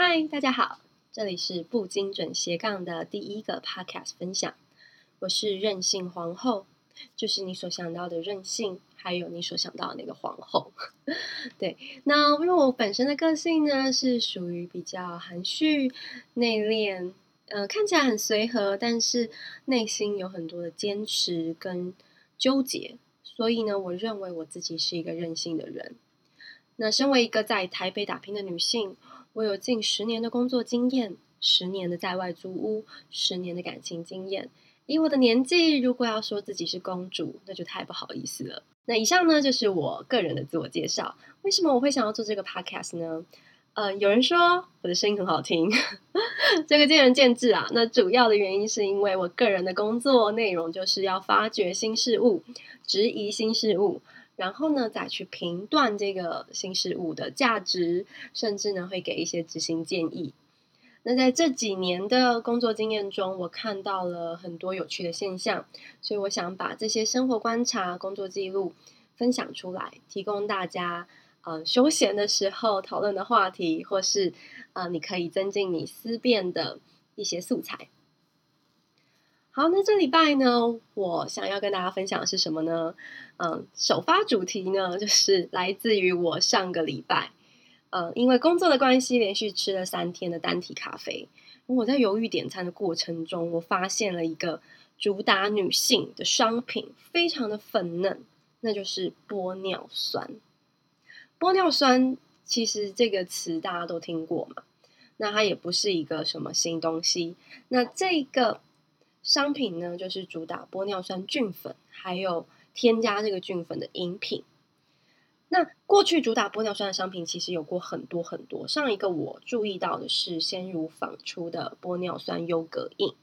嗨，Hi, 大家好，這裡是不精準斜槓的第一個 podcast 分享。我是任性皇後，就是你所想到的任性，還有你所想到的那個皇後。對，那因為我本身的個性呢，是屬於比較含蓄內斂，呃，看起來很隨和，但是內心有很多的堅持跟糾結。所以呢，我認為我自己是一個任性的人。那身為一個在台北打拼的女性。我有近十年的工作經驗，十年的在外租屋，十年的感情經驗。以我的年紀，如果要說自己是公主，那就太不好意思了。那以上呢，就是我個人的自我介紹。為什麼我會想要做這個 podcast 呢？呃，有人說我的聲音很好聽， 這個見仁見智啊。那主要的原因是因為我個人的工作內容就是要發掘新事物，質疑新事物。然後呢，再去評斷這個新事物的價值，甚至呢，會給一些執行建議。那在這幾年的工作經驗中，我看到了很多有趣的現象，所以我想把這些生活觀察、工作記錄分享出來，提供大家，嗯、呃，休閒的時候討論的話題，或是，呃，你可以增進你思辨的一些素材。好，那這禮拜呢，我想要跟大家分享的是什麼呢？嗯，首發主題呢，就是來自於我上個禮拜，嗯，因為工作的關係，連續吃了三天的單體咖啡。我在猶豫點餐的過程中，我發現了一個主打女性的商品，非常的粉嫩，那就是玻尿酸。玻尿酸其實這個詞大家都聽過嘛，那它也不是一個什麼新東西，那這個。商品呢，就是主打玻尿酸菌粉，還有添加這個菌粉的飲品。那過去主打玻尿酸的商品，其實有過很多很多。上一個我注意到的是，先如坊出的玻尿酸優格飲，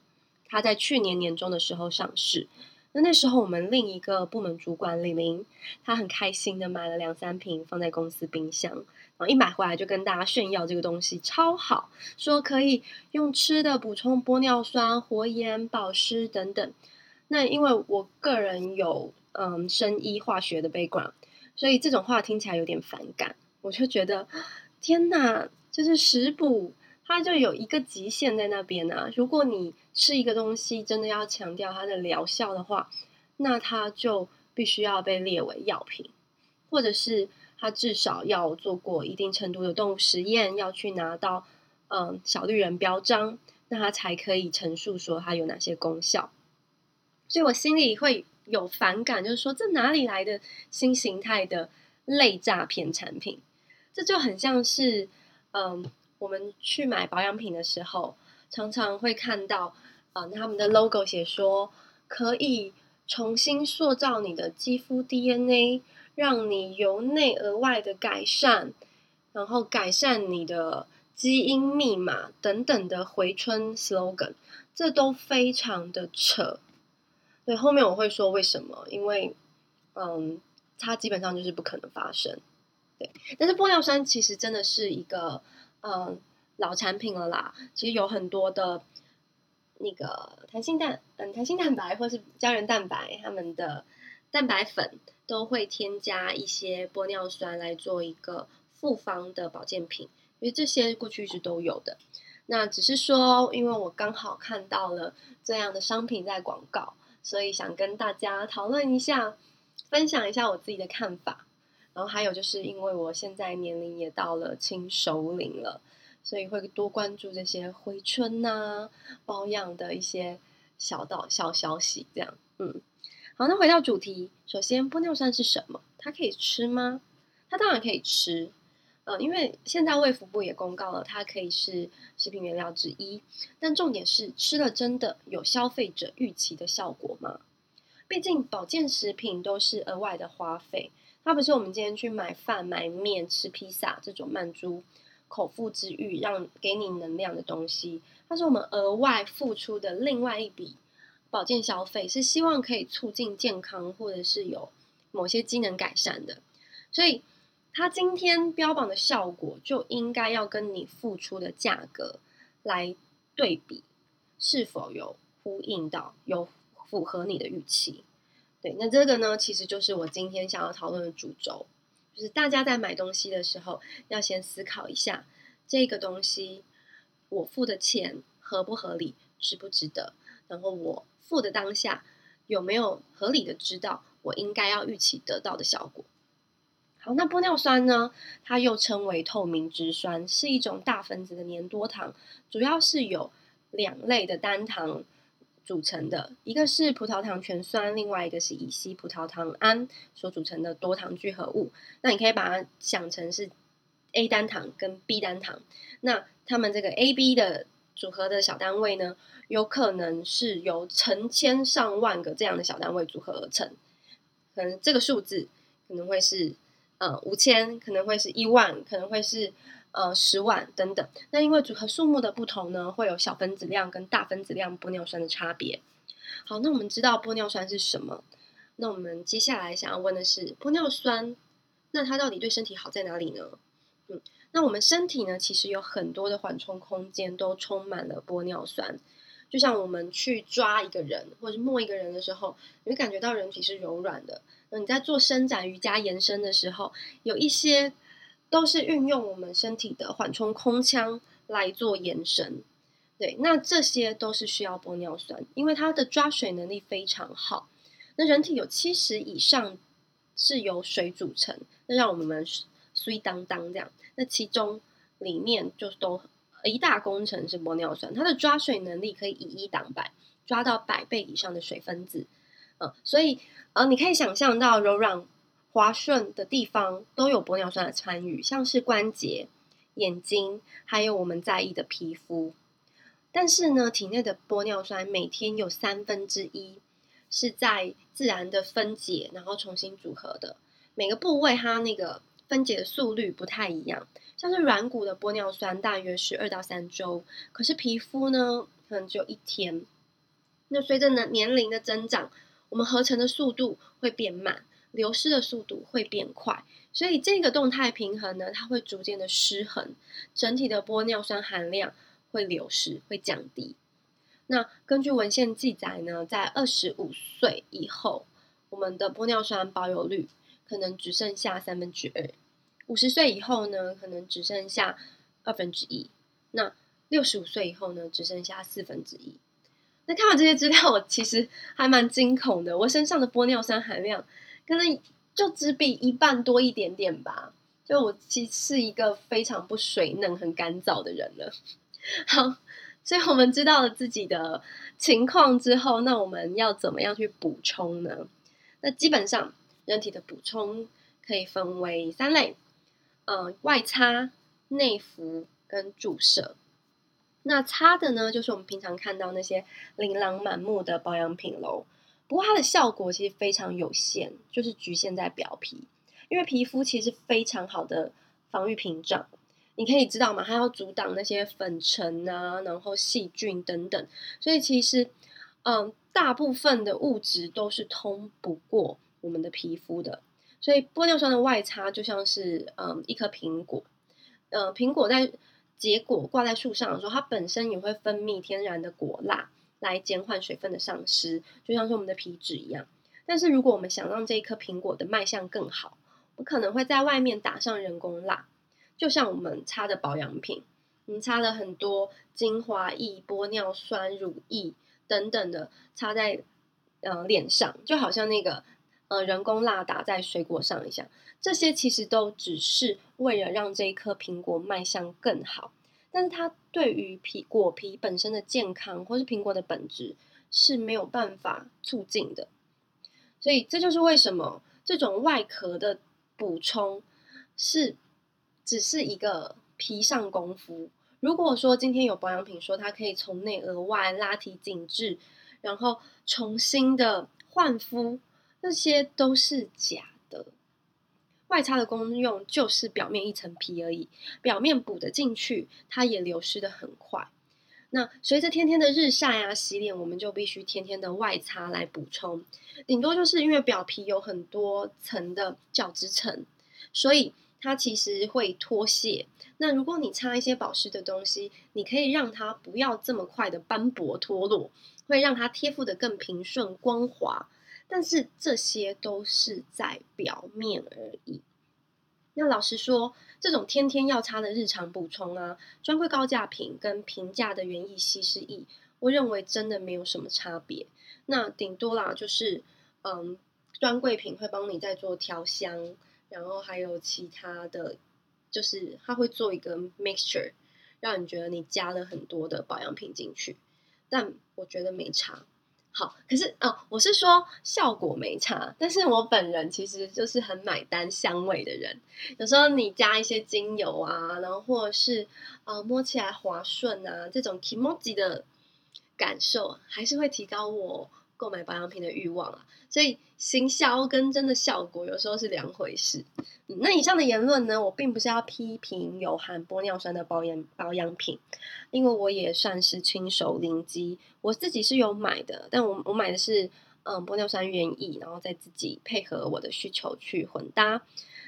它在去年年中的時候上市。那那時候我們另一個部門主管李玲，她很開心的買了兩三瓶，放在公司冰箱。一買回來就跟大家炫耀，這個東西超好，說可以用吃的補充玻尿酸、活顏、保濕等等。那因為我個人有，嗯，生醫化學的 background，所以這種話聽起來有點反感。我就覺得天吶，就是食補它就有一個極限在那邊啊。如果你吃一個東西真的要強調它的療效的話，那它就必須要被列為藥品，或者是。他至少要做過一定程度的動物實驗，要去拿到嗯小綠人標章，那他才可以陳述說他有哪些功效。所以我心裡會有反感，就是說這哪裡來的新形態的類詐騙產品？這就很像是嗯我們去買保養品的時候，常常會看到啊、嗯、他們的 logo 寫說可以重新塑造你的肌膚 DNA。讓你由內而外的改善，然後改善你的基因密碼等等的回春 slogan，這都非常的扯。對，後面我會說為什麼，因為，嗯，它基本上就是不可能發生。對，但是玻尿酸其實真的是一個嗯老產品了啦。其實有很多的，那個彈性蛋嗯、呃、彈性蛋白或是膠原蛋白，他們的蛋白粉，都會添加一些玻尿酸來做一個複方的保健品，因為這些過去一直都有的。那只是說，因為我剛好看到了這樣的商品在廣告，所以想跟大家討論一下，分享一下我自己的看法。然後還有就是，因為我現在年齡也到了輕熟齡了，所以會多關注這些回春吶、啊、保養的一些小道小消息。這樣，嗯。好，那回到主題。首先，玻尿酸是什麼？它可以吃嗎？它當然可以吃，呃，因為現在衛福部也公告了，它可以是食品原料之一。但重點是，吃了真的有消費者預期的效果嗎？畢竟保健食品都是額外的花費，它不是我們今天去買飯、買麵、吃披薩這種滿足口腹之欲、讓給你能量的東西，它是我們額外付出的另外一筆。保健消費是希望可以促進健康，或者是有某些機能改善的，所以它今天標榜的效果就應該要跟你付出的價格來對比，是否有呼應到，有符合你的預期？對，那這個呢，其實就是我今天想要討論的主軸，就是大家在買東西的時候，要先思考一下，這個東西我付的錢合不合理，值不值得？然後我。付的當下有沒有合理的知道我應該要預期得到的效果？好，那玻尿酸呢？它又稱為透明質酸，是一種大分子的粘多糖主要是由兩類的單糖組成的，一個是葡萄糖醛酸，另外一個是乙醯葡萄糖胺所組成的多糖聚合物。那你可以把它想成是 A 單糖跟 B 單糖，那它們這個 A、B 的組合的小單位呢，有可能是由成千上萬個這樣的小單位組合而成，可能這個數字可能會是呃五千，可能會是一萬，可能會是呃十萬等等。那因為組合數目的不同呢，會有小分子量跟大分子量玻尿酸的差別。好，那我們知道玻尿酸是什麼？那我們接下來想要問的是玻尿酸，那它到底對身體好在哪裡呢？嗯，那我們身體呢，其實有很多的緩衝空間都充滿了玻尿酸。就像我們去抓一個人或者摸一個人的時候，你會感覺到人體是柔軟的。那你在做伸展瑜伽延伸的時候，有一些都是運用我們身體的緩衝空腔來做延伸。對，那這些都是需要玻尿酸，因為它的抓水能力非常好。那人體有七十以上是由水組成，那讓我們們水當當這樣。那其中裡面就都。一大工程是玻尿酸，它的抓水能力可以以一一擋百，抓到百倍以上的水分子，嗯，所以呃，你可以想象到柔軟、滑順的地方都有玻尿酸的參與，像是關節、眼睛，還有我們在意的皮膚。但是呢，體內的玻尿酸每天有三分之一是在自然的分解，然後重新組合的。每個部位它那個。分解的速率不太一樣，像是軟骨的玻尿酸大約是二到三週，可是皮膚呢，可能只有一天。那隨着呢年齡的增長，我們合成的速度會變慢，流失的速度會變快，所以這個動態平衡呢，它會逐漸的失衡，整體的玻尿酸含量會流失，會降低。那根據文獻記載呢，在二十五歲以後，我們的玻尿酸保有率。可能只剩下三分之二，五十歲以後呢，可能只剩下二分之一。那六十五歲以後呢，只剩下四分之一。那看完這些資料，我其實還蠻驚恐的。我身上的玻尿酸含量可能就只比一半多一點點吧。就我其實是一個非常不水嫩、很乾燥的人了。好，所以我們知道了自己的情況之後，那我們要怎麼樣去補充呢？那基本上。人體的補充可以分為三類，嗯、呃，外擦、內服跟注射。那擦的呢，就是我們平常看到那些琳琅滿目的保養品嘍。不過它的效果其實非常有限，就是局限在表皮，因為皮膚其實是非常好的防禦屏障。你可以知道嘛，它要阻擋那些粉塵啊，然後細菌等等，所以其實嗯、呃，大部分的物質都是通不過我們的皮膚的，所以玻尿酸的外擦就像是，嗯，一顆蘋果，呃，蘋果在結果掛在樹上的時候，它本身也會分泌天然的果蠟來減緩水分的喪失，就像是我們的皮脂一樣。但是如果我們想讓這一顆蘋果的賣相更好，我可能會在外面打上人工蠟，就像我們擦的保養品，你擦了很多精華液、玻尿酸乳液等等的擦在，呃臉上，就好像那個。呃，人工蠟打在水果上一下，這些其實都只是為了讓這一顆蘋果賣相更好，但是它對於皮果皮本身的健康或是蘋果的本質是沒有辦法促進的。所以這就是為什麼這種外殼的補充是只是一個皮上功夫。如果說今天有保養品說它可以從內而外拉提緊緻，然後重新的煥膚。這些都是假的，外擦的功用就是表面一層皮而已，表面補得進去，它也流失得很快。那隨着天天的日曬啊、洗臉，我們就必須天天的外擦來補充。頂多就是因為表皮有很多層的角質層，所以它其實會脫屑。那如果你擦一些保濕的東西，你可以讓它不要這麼快的斑駁脫落，會讓它貼附得更平順光滑。但是這些都是在表面而已。那老實說，這種天天要擦的日常補充啊，專櫃高價品跟平價的原液稀釋液，我認為真的沒有什麼差別。那頂多啦，就是嗯，專櫃品會幫你在做調香，然後還有其他的，就是它會做一個 mixture，讓你覺得你加了很多的保養品進去，但我覺得沒差。好，可是哦，我是說效果沒差，但是我本人其實就是很買單香味的人。有時候你加一些精油啊，然後或者是啊摸起來滑順啊，這種 kimochi 的感受，還是會提高我。購買保養品的慾望啊，所以行銷跟真的效果有時候是兩回事。嗯，那以上的言論呢，我並不是要批評有含玻尿酸的保養保養品，因為我也算是親手臨機，我自己是有買的，但我我買的是嗯玻尿酸原液，然後再自己配合我的需求去混搭。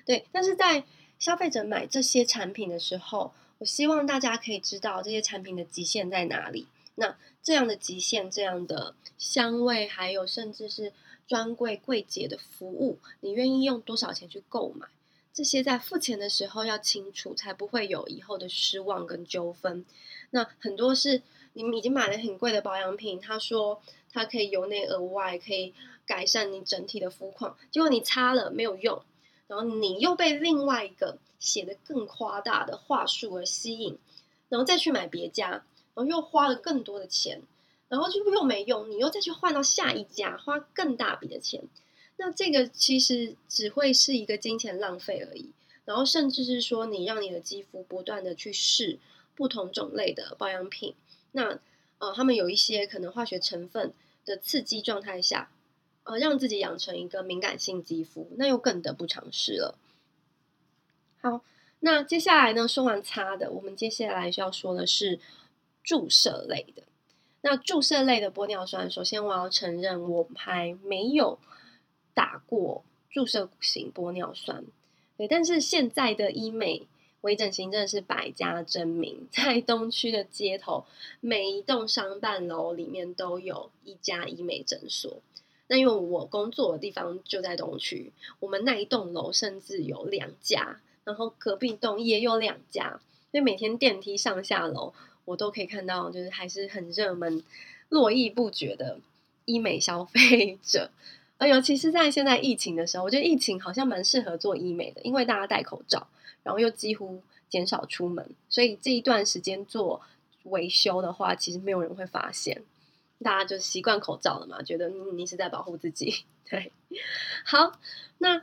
對，但是在消費者買這些產品的時候，我希望大家可以知道這些產品的極限在哪裡。那這樣的極限，這樣的。香味，還有甚至是專櫃櫃姐的服務，你願意用多少錢去購買？這些在付錢的時候要清楚，才不會有以後的失望跟糾紛。那很多是你們已經買了很貴的保養品，他說他可以由內而外，可以改善你整體的膚況，結果你擦了沒有用，然後你又被另外一個寫得更誇大的話術而吸引，然後再去買別家，然後又花了更多的錢。然後就又沒用，你又再去換到下一家，花更大筆的錢，那這個其實只會是一個金錢浪費而已。然後甚至是說，你讓你的肌膚不斷的去試不同種類的保養品，那呃，他們有一些可能化學成分的刺激狀態下，呃，讓自己養成一個敏感性肌膚，那又更得不償失了。好，那接下來呢，說完擦的，我們接下來需要說的是注射類的。那注射類的玻尿酸，首先我要承認我還沒有打過注射型玻尿酸。對，但是現在的醫美微整形真的是百家爭鳴，在東區的街頭，每一棟商辦樓裡面都有一家醫美診所。那因為我工作的地方就在東區，我們那一棟樓甚至有兩家，然後隔壁棟也有兩家，因為每天電梯上下樓。我都可以看到，就是還是很熱門、絡繹不絕的醫美消費者，呃，尤其是在現在疫情的時候，我覺得疫情好像蠻適合做醫美的，因為大家戴口罩，然後又幾乎減少出門，所以這一段時間做維修的話，其實沒有人會發現，大家就習慣口罩了嘛，覺得，嗯，你是在保護自己。對，好，那，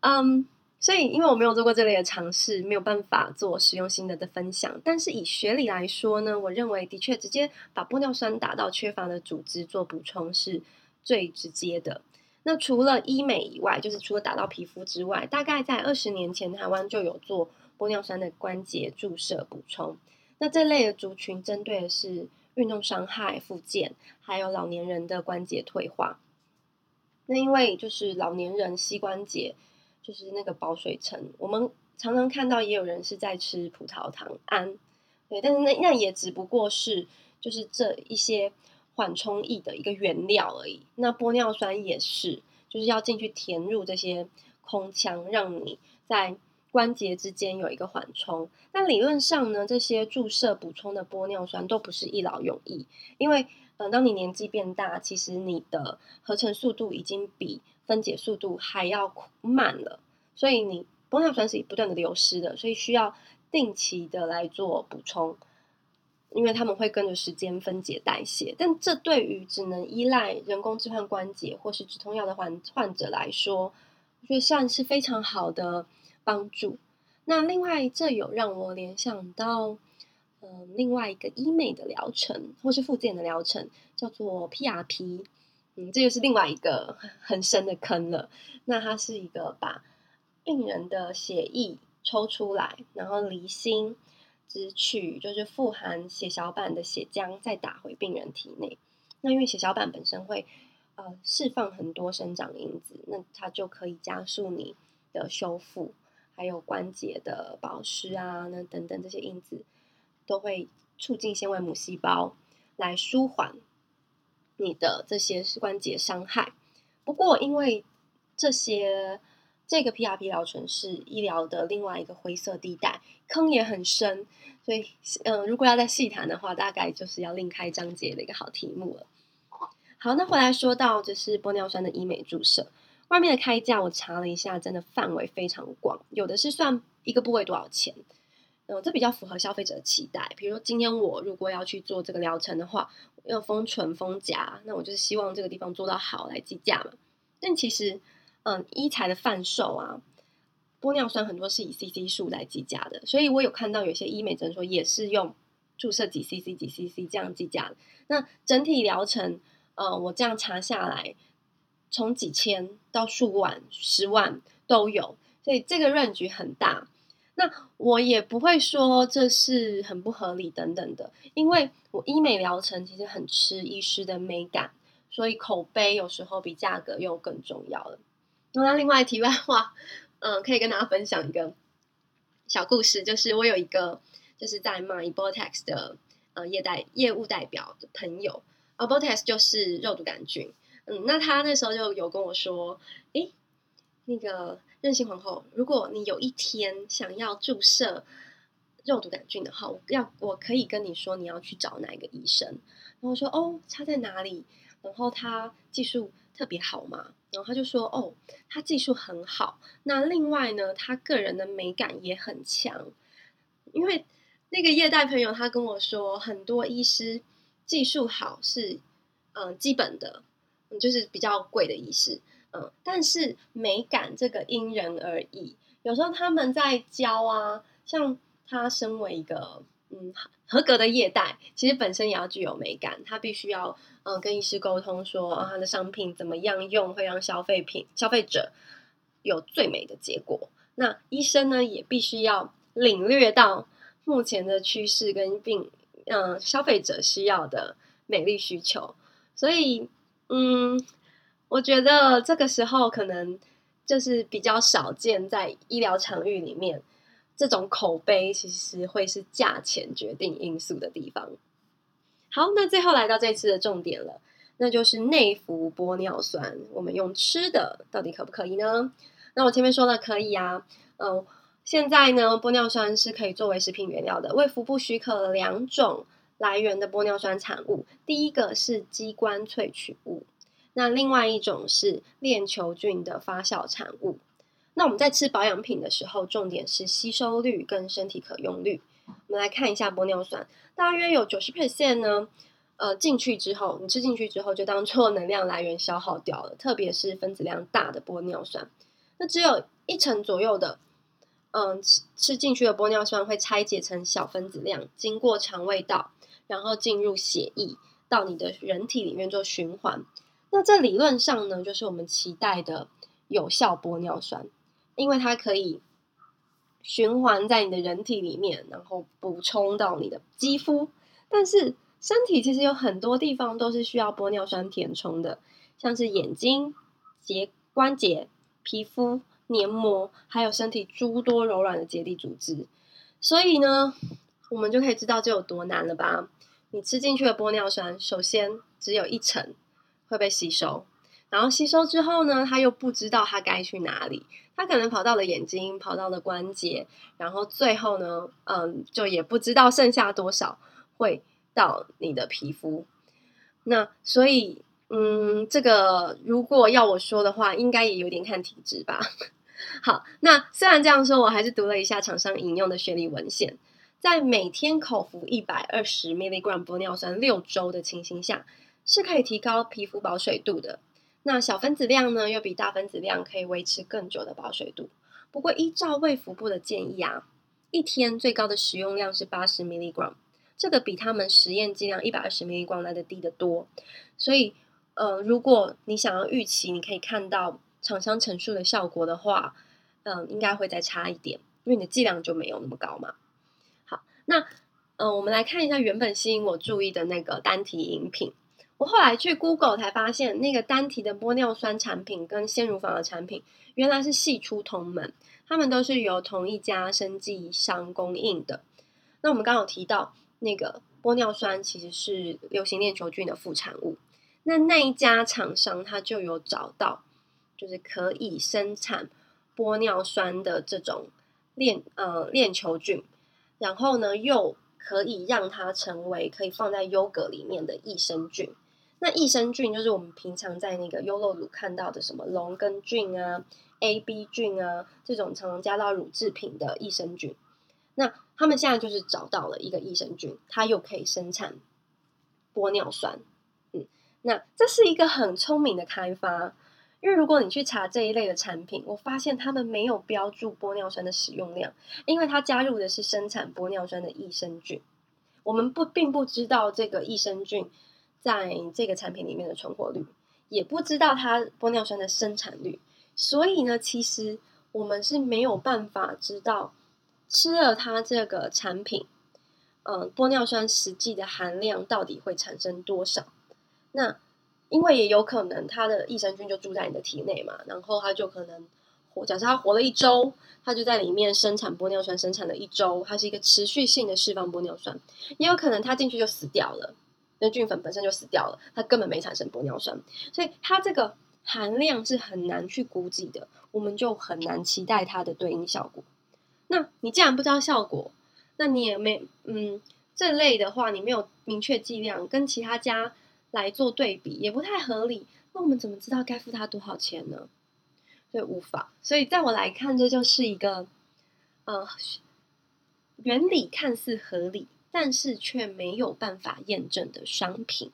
嗯。所以，因為我沒有做過這類的嘗試，沒有辦法做實用心得的分享。但是以學理來說呢，我認為的確直接把玻尿酸打到缺乏的組織做補充是最直接的。那除了醫美以外，就是除了打到皮膚之外，大概在二十年前台灣就有做玻尿酸的關節注射補充。那這類的族群針對的是運動傷害、復健，還有老年人的關節退化。那因為就是老年人膝關節。就是那個保水層，我們常常看到也有人是在吃葡萄糖胺，對，但是那那也只不過是就是這一些緩衝液的一個原料而已。那玻尿酸也是，就是要進去填入這些空腔，讓你在關節之間有一個緩衝。那理論上呢，這些注射補充的玻尿酸都不是一勞永逸，因為嗯，當你年紀變大，其實你的合成速度已經比。分解速度還要慢了，所以你玻尿酸是不斷的流失的，所以需要定期的來做補充，因為它們會跟着時間分解代謝。但這對於只能依賴人工置換關節或是止痛藥的患患者來說，我覺得算是非常好的幫助。那另外，這有讓我聯想到，嗯、呃，另外一個醫美的療程或是復健的療程，叫做 PRP。嗯，這就、個、是另外一個很深的坑了。那它是一個把病人的血液抽出來，然後離心，只取就是富含血小板的血漿，再打回病人體內。那因為血小板本身會呃釋放很多生長因子，那它就可以加速你的修復，還有關節的保濕啊，那等等這些因子都會促進纖維母細胞來舒緩，你的這些是關節傷害，不過因為這些這個、PR、PRP 療程是醫療的另外一個灰色地帶，坑也很深，所以嗯、呃，如果要再細談的話，大概就是要另開章節的一個好題目了。好，那回來說到就是玻尿酸的醫美注射，外面的開價我查了一下，真的範圍非常廣，有的是算一個部位多少錢。嗯，這比較符合消費者的期待。比如說，今天我如果要去做這個療程的話，要封唇、封頰，那我就是希望這個地方做到好來計價嘛。但其實，嗯，醫材的販售啊，玻尿酸很多是以 CC 數來計價的，所以我有看到有些醫美診所也是用注射幾 CC、幾 CC 這樣計價。那整體療程，呃、嗯，我這樣查下來，從幾千到數萬、十萬都有，所以這個 range 很大。那我也不會說這是很不合理等等的，因為我醫美療程其實很吃醫師的美感，所以口碑有時候比價格又更重要了。那另外題外話，嗯，可以跟大家分享一個小故事，就是我有一個就是在賣 Botox 的呃業代業務代表的朋友，啊，Botox 就是肉毒桿菌，嗯，那他那時候就有跟我說，誒、欸，那個。任性皇後，如果你有一天想要注射肉毒桿菌的話，我要我可以跟你說，你要去找哪一個醫生，然後說，哦，他在哪裡，然後他技術特別好嘛，然後他就說，哦，他技術很好，那另外呢，他個人的美感也很強，因為那個業代朋友他跟我說，很多醫師技術好是嗯、呃、基本的，嗯，就是比較貴的醫師。嗯，但是美感這個因人而異。有時候他們在教啊，像他身為一個嗯，合格的業代，其實本身也要具有美感。他必須要嗯跟醫師溝通說，啊、哦、他的商品怎麼樣用會讓消費品消費者有最美的結果。那醫生呢，也必須要領略到目前的趨勢跟病嗯消費者需要的美麗需求。所以嗯。我覺得這個時候可能就是比較少見，在醫療場域裡面，這種口碑其實會是價錢決定因素的地方。好，那最後來到這次的重點了，那就是內服玻尿酸。我們用吃的到底可不可以呢？那我前面說了可以啊，嗯、呃，現在呢，玻尿酸是可以作為食品原料的。衛福部許可了兩種來源的玻尿酸產物，第一個是雞冠萃取物。那另外一種是鏈球菌的發酵產物。那我們在吃保養品的時候，重點是吸收率跟身體可用率。我們來看一下玻尿酸，大約有九十 percent 呢，呃，進去之後，你吃進去之後，就當做能量來源消耗掉了。特別是分子量大的玻尿酸，那只有一成左右的，嗯、呃，吃吃進去的玻尿酸會拆解成小分子量，經過腸胃道，然後進入血液，到你的人體裡面做循環。那這理論上呢，就是我們期待的有效玻尿酸，因為它可以循環在你的人體裡面，然後補充到你的肌膚。但是身體其實有很多地方都是需要玻尿酸填充的，像是眼睛、結關節、皮膚、黏膜，還有身體諸多柔軟的結締組織。所以呢，我們就可以知道這有多難了吧？你吃進去的玻尿酸，首先只有一層會被吸收，然後吸收之後呢，他又不知道他該去哪裡，他可能跑到了眼睛，跑到了關節，然後最後呢，嗯，就也不知道剩下多少會到你的皮膚。那所以，嗯，這個如果要我說的話，應該也有點看體質吧。 好，那雖然這樣說，我還是讀了一下廠商引用的學歷文獻，在每天口服一百二十 milligram 玻尿酸六周的情形下。是可以提高皮膚保水度的。那小分子量呢，又比大分子量可以維持更久的保水度。不過，依照衛福部的建議啊，一天最高的使用量是八十 milligram，這個比他們實驗劑量一百二十 milligram 來的低得多。所以，呃，如果你想要預期你可以看到廠商陳述的效果的話，嗯、呃，應該會再差一點，因為你的劑量就沒有那麼高嘛。好，那，嗯、呃，我們來看一下原本吸引我注意的那個單體飲品。後來去 Google 才發現，那個單體的玻尿酸產品跟鮮乳坊的產品原來是系出同門，他們都是由同一家生技商供應的。那我們剛有提到那個玻尿酸其實是流行鏈球菌的副產物，那那一家廠商他就有找到，就是可以生產玻尿酸的這種鏈呃鏈球菌，然後呢又可以讓它成為可以放在優格裡面的益生菌。那益生菌，就是我們平常在那個優酪乳看到的什麼龍根菌啊、AB 菌啊這種，常常加到乳製品的益生菌。那他們現在就是找到了一個益生菌，它又可以生產玻尿酸。嗯，那這是一個很聰明的開發，因為如果你去查這一類的產品，我發現他們沒有標注玻尿酸的使用量，因為它加入的是生產玻尿酸的益生菌。我們不並不知道這個益生菌。在這個產品裡面的存活率，也不知道它玻尿酸的生產率，所以呢，其實我們是沒有辦法知道吃了它這個產品，嗯，玻尿酸實際的含量到底會產生多少。那因為也有可能它的益生菌就住在你的體內嘛，然後它就可能活，假設它活了一周，它就在裡面生產玻尿酸，生產了一周，它是一個持續性的釋放玻尿酸，也有可能它進去就死掉了。菌粉本身就死掉了，它根本沒產生玻尿酸，所以它這個含量是很難去估計的，我們就很難期待它的對應效果。那你既然不知道效果，那你也沒嗯，這類的話你沒有明確劑量，跟其他家來做對比也不太合理。那我們怎麼知道該付他多少錢呢？所以無法。所以在我來看，這就是一個呃，原理看似合理。但是卻沒有辦法驗證的商品，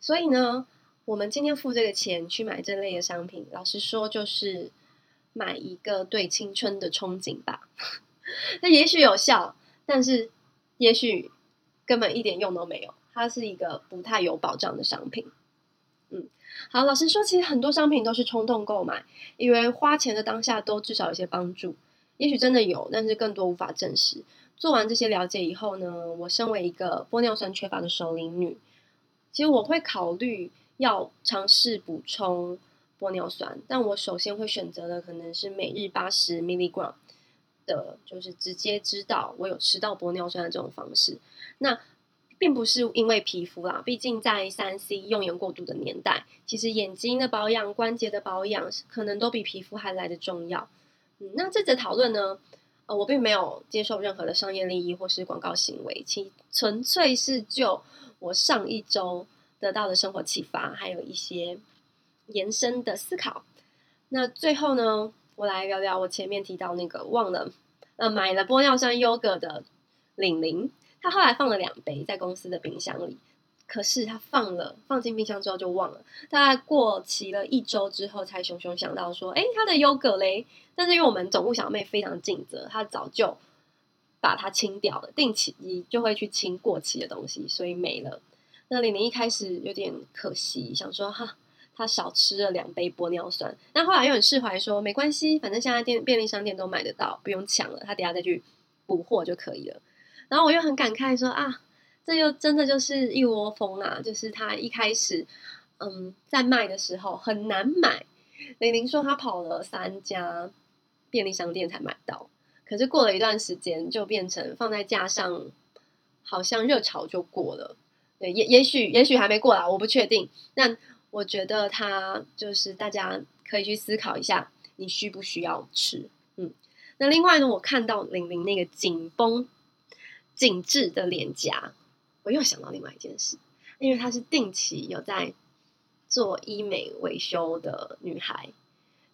所以呢，我們今天付這個錢去買這類的商品，老實說，就是買一個對青春的憧憬吧。那 也許有效，但是也許根本一點用都沒有。它是一個不太有保障的商品。嗯，好，老實說，其實很多商品都是衝動購買，因為花錢的當下都至少有些幫助，也許真的有，但是更多無法證實。做完這些了解以後呢，我身為一個玻尿酸缺乏的熟齡女，其實我會考慮要嘗試補充玻尿酸，但我首先會選擇的可能是每日八十 milligram 的，就是直接知道我有吃到玻尿酸的這種方式。那並不是因為皮膚啦，畢竟在三 C 用眼過度的年代，其實眼睛的保養、關節的保養可能都比皮膚還來得重要。嗯，那這則討論呢？呃，我並沒有接受任何的商業利益或是廣告行為，其純粹是就我上一周得到的生活啟發，還有一些延伸的思考。那最後呢，我來聊聊我前面提到那個忘了呃買了玻尿酸優格的玲玲，她後來放了兩杯在公司的冰箱裡。可是他放了，放進冰箱之後就忘了，大概過期了一周之後才熊熊想到說，哎、欸，他的優格嘞！但是因為我們總務小妹非常盡責，她早就把它清掉了，定期你就會去清過期的東西，所以沒了。那玲玲一開始有點可惜，想說哈，她少吃了兩杯玻尿酸。那後，後來又很釋懷說，沒關係，反正現在店便利商店都買得到，不用搶了，她等下再去補貨就可以了。然後我又很感慨說啊。這又真的就是一窩蜂啊！就是他一開始，嗯，在賣的時候很難買。玲玲說她跑了三家便利商店才買到，可是過了一段時間就變成放在架上，好像熱潮就過了。對，也也許也許還沒過來，我不確定。但我覺得他就是大家可以去思考一下，你需不需要吃？嗯，那另外呢，我看到玲玲那個緊繃、緊緻的臉頰。我又想到另外一件事，因為她是定期有在做醫美維修的女孩，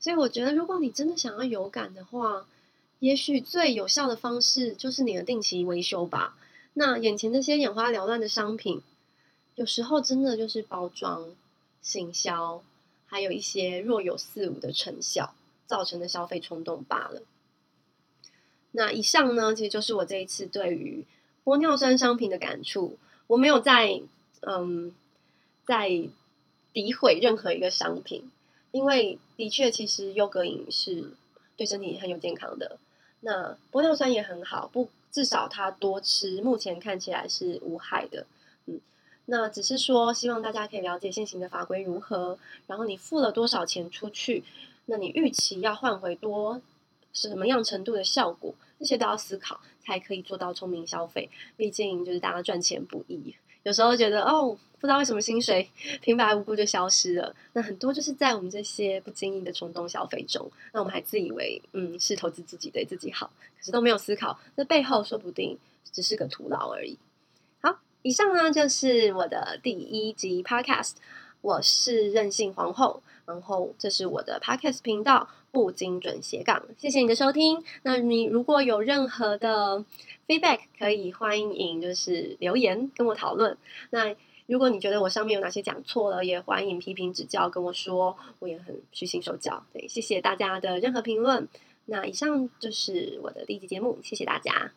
所以我覺得如果你真的想要有感的話，也許最有效的方式就是你的定期維修吧。那眼前那些眼花繚亂的商品，有時候真的就是包裝行銷，還有一些若有似無的成效造成的消費衝動罷了。那以上呢，其實就是我這一次對於。玻尿酸商品的感觸，我沒有在嗯，在詆毀任何一個商品，因為的確，其實優格飲是對身體很有健康的，那玻尿酸也很好，不，至少它多吃，目前看起來是無害的。嗯，那只是說，希望大家可以了解現行的法規如何，然後你付了多少錢出去，那你預期要換回多。是什麼樣程度的效果，這些都要思考，才可以做到聰明消費。畢竟就是大家賺錢不易，有時候覺得哦，不知道為什麼薪水平白無故就消失了。那很多就是在我們這些不經意的衝動消費中，那我們還自以為嗯是投資自己對自己好，可是都沒有思考，那背後說不定只是個徒勞而已。好，以上呢就是我的第一集 Podcast，我是任性皇後。然後這是我的 podcast 頻道，不精準斜槓。謝謝你的收聽。那你如果有任何的 feedback，可以歡迎就是留言跟我討論。那如果你覺得我上面有哪些講錯了，也歡迎批評指教，跟我說，我也很虛心受教。對，謝謝大家的任何評論。那以上就是我的第一集節目，謝謝大家。